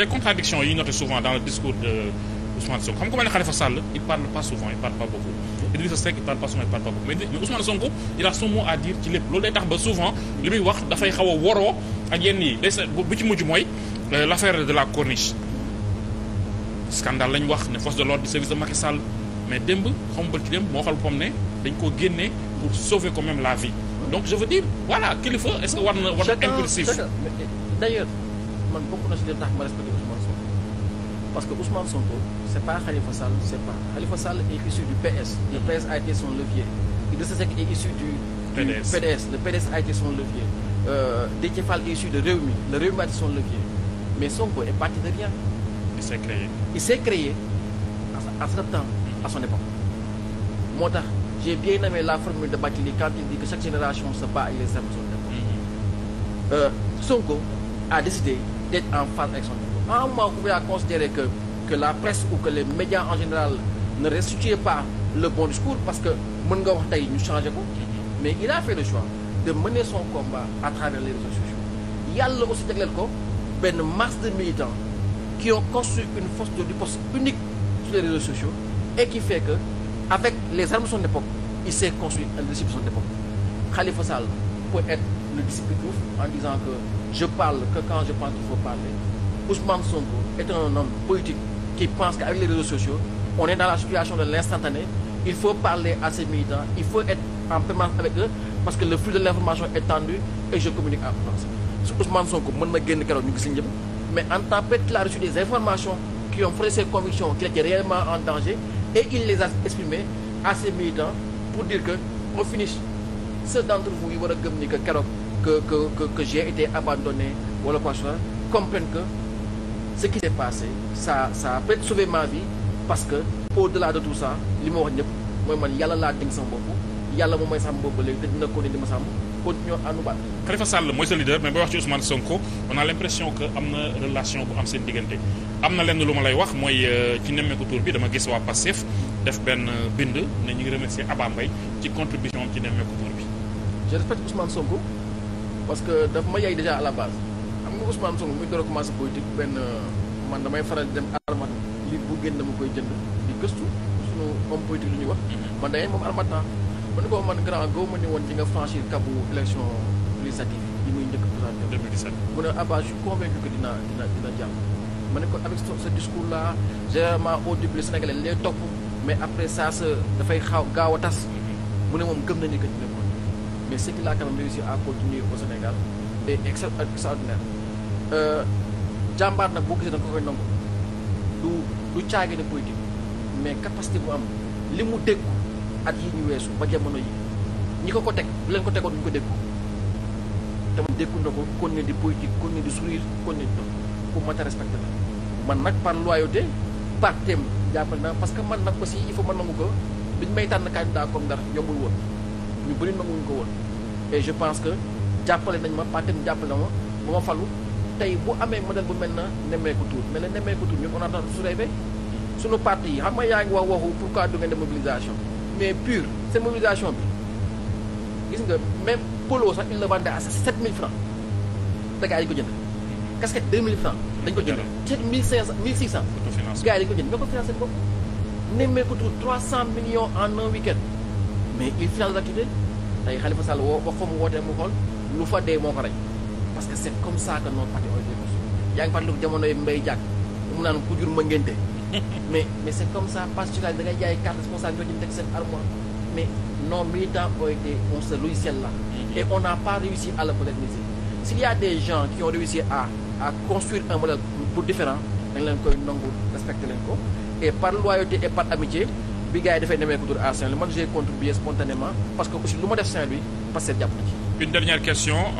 les contradictions yi noté souvent dans le discours de Ousmane Sonko xam nga ku ne Khalifa Sall il parle pas souvent il parle pas beaucoup Idrissa Seck il parle pas souvent il parle pas beaucoup mais Ousmane Sonko il a son mot à dire ci lépp loolu day tax ba souvent li muy wax dafay xaw a woroo ak yenn yi bu ci mujj mooy euh, l' affaire de la corniche scandale lañu wax ne force de l'ordre du service de Macky Sall mais démb xam nga ci démb moo xal ne dañ koo génnee pour sauver la vie donc je veux dire voilà kilifa Parce que Ousmane Sonko, ce n'est pas Khalifa Sall, c'est pas. Khalifa Sall est issu du PS. Le mhm. PS a été son levier. Idrissa Seck est issu du, du PDS. Le PDS a été son levier. Euh, Détiéfal de Réumi. Le Réumi a été son levier. Mais Sonko est parti de rien. Il s'est créé. Il s'est créé à, à ce temps, à son époque. Moi, la formule de Bakili quand il dit que chaque génération se bat et les âmes sont mhm. euh, Sonko a décidé d'être en phase avec son époque. À un moment, que, la presse ou que les médias en général ne restituaient pas le bon discours parce que Munga Wataï nous changeait Mais il a fait le choix de mener son combat à travers les réseaux sociaux. Il y a aussi une masse de militants qui ont construit une force de riposte unique sur les réseaux sociaux et qui fait que, avec les armes de son époque, il s'est construit un leadership de son époque. le discipline en disant que je parle que quand je pense qu'il faut parler. Ousmane Sonko est un homme politique qui pense qu'avec les réseaux sociaux, on est dans la situation de l'instantané. Il faut parler à ses militants, il faut être en permanence avec eux parce que le flux de l'information est tendu et je communique en France. Ousmane Sonko mën na génn keroog ñu gis ñëpp mais en tant que il reçu des informations qui ont fait que on que que que, que j'ai été abandonné wala quoi soit comprennent que ce qui s'est passé ça ça a peut ma vie parce que au-delà de tout ça li ma wax ñëpp mooy man yàlla laa dénk sama bopp yàlla moom mooy sàmm bopp léegi te dina ko ne di ma sàmm continuer àndu baat Khalifa Sall mooy sa mais boo wax ci Ousmane Sonko on a l'impression que am na relation bu am seen diggante am na lenn lu ma lay wax mooy euh, ci nemmeeku tur bi dama gis waa Pastef def benn euh, bind ne ñu ngi remercier Aba Mbaye ci contribution am ci nemmeeku tur bi je respecte Ousmane parce que daf ma yay déjà à la base am nga Ousmane Sonko muy door a commencé benn man damay faral di dem armat lii bu génn dama koy jënd di gëstu suñu homme politique lu ñuy wax mm-hmm. man dangeen moom armat naa man ko man grand goo ma ne woon ci nga franchir kabu élection législative yi muy njëkk présenté 2017 mu ne Abba je suis convaincu que dina dina dina jàll ma ne ko avec ce discours là généralement au début les Sénégalais lay topp mais après ça se dafay xaaw a tas mm-hmm. mu ne moom mais ce qu'il a quand même réussi à continuer au Sénégal est euh, jàmbaar nag boo gisee da nga ko koy nangu du du caage ne mais capacité bu am li mu dégg at yi ñu weesu ba jamono yi ñi ko ko teg bu ko tegoon duñu ko dégg te déggu na ko kon ne di politique kon a respecté la man nag par par jàppal naa parce que man nag aussi il faut ko duñ may tànn candidat comme dara yombul woon ñu bëri nanguwuñu ko woon et je pense que jàppale nañ ma Pathé jàppale ma ba ma falu tey bu amee modèle bu mel na nemmeeku tuur mais la nemmeeku tuur ñun on attend su rêvé suñu parti yi xam nga yaa ngi wax waxu pourquoi du ngeen mais pure seen mobilisation bi gis nga même polo sax il le vendait à 7000 francs te gars ko jënd casquette 2000 francs dañ ko jënd te 1500 1600 gars en un week mais il finance l'activité tey Khalifa Sall woo wax fa mu wootee mu xool lu fa dee moo ko parce que c'est comme ça que notre parti a été conçu yaa ngi fàttaliku jamono yi mbay jàkk mu naan ku jur ma mais mais c'est comme ça parce que da ngay jaay carte responsable ñoo ci teg seen armoire mais non militants ont été on ce logiciel là mm-hmm. et on n'a pas réussi à le moderniser s'il y a des qui ont réussi à construire un modèle pour différent bi gars yi dafay demee ko tur à Saint-Louis man j'ai contribué spontanément parce que lu ma def Saint-Louis Pastef jàpp na ci. une dernière question.